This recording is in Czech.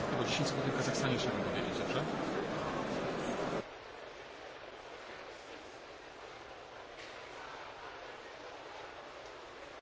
kartki, bo 10 sekund w